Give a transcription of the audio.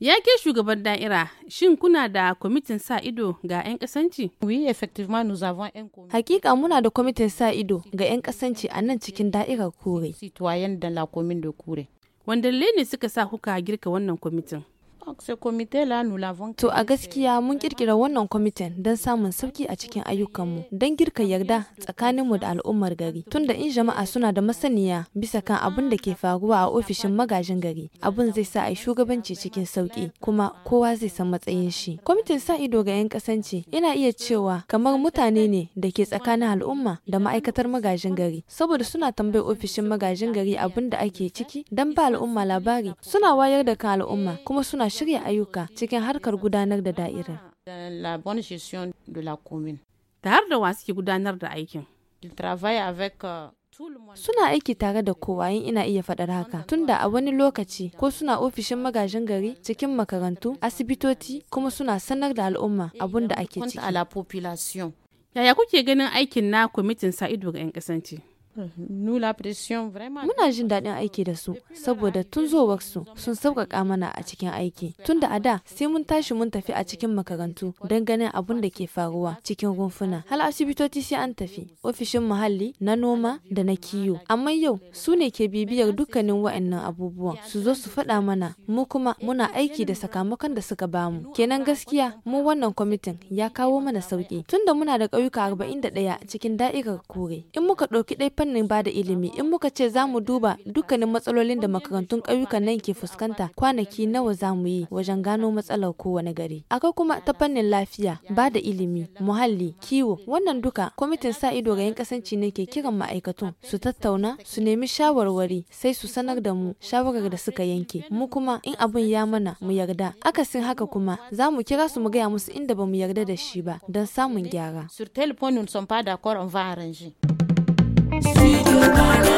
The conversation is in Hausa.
Ya ke shugaban da'ira, shin kuna da kwamitin sa ido ga 'yan kasanci? Hakika muna da kwamitin sa ido ga 'yan kasanci a nan cikin da'irar kure. Wanda ne suka sa kuka girka wannan kwamitin? To a gaskiya mun kirkira wannan kwamitin don samun sauki a cikin ayyukanmu don girka yarda tsakaninmu da al'ummar gari. Tunda in jama'a suna da masaniya bisa kan abin da ke faruwa a ofishin magajin gari, abin zai sa a yi shugabanci cikin sauki kuma kowa zai san matsayin shi. Kwamitin sa ido ga 'yan kasance yana iya cewa kamar mutane ne da ke tsakanin al'umma da ma'aikatar magajin gari saboda suna tambayar ofishin magajin gari abin da ake ciki don ba al'umma labari suna wayar da kan al'umma kuma suna shirya shirya ayyuka cikin harkar gudanar da da'irar. Da har da wa suke gudanar da aikin. Euh, suna aiki tare da kowa yin ina iya faɗar haka tunda a wani lokaci ko suna ofishin magajin gari cikin makarantu asibitoci kuma suna sanar da al'umma abun da ake ciki. Yaya kuke ganin aikin na kwamitin sa ido ga 'yan kasance? Muna jin daɗin aiki da su saboda tun su sun sauƙaƙa mana a cikin aiki. Tun da a da sai mun tashi mun tafi a cikin makarantu don ganin abun da ke faruwa cikin rumfuna. Hal asibitoci sai an tafi, ofishin muhalli na noma da na kiyo. Amma yau su ne ke bibiyar dukkanin wa'annan abubuwan su zo su faɗa mana mu kuma muna aiki da sakamakon da suka bamu. Kenan gaskiya mu wannan kwamitin ya kawo mana sauƙi. tunda muna da ƙauyuka 41 cikin da'irar kore. In muka ɗauki ɗaya fannin ba da ilimi in muka ce za mu duba dukkanin matsalolin da makarantun ƙauyukan nan ke fuskanta kwanaki nawa za mu yi wajen gano matsalar kowane gari. Akwai kuma ta fannin lafiya, ba da ilimi, muhalli, kiwo, wannan duka kwamitin sa ido ga 'yan kasanci ne ke kiran ma'aikatun su tattauna su nemi shawarwari sai su sanar da mu shawarar da suka yanke. Mu kuma in abin ya mana mu yarda. Akasin haka kuma za mu kira su mu gaya musu inda ba mu yarda da shi ba don samun gyara. Sur téléphone, nous ne sommes pas d'accord, on va arranger. Feed your body.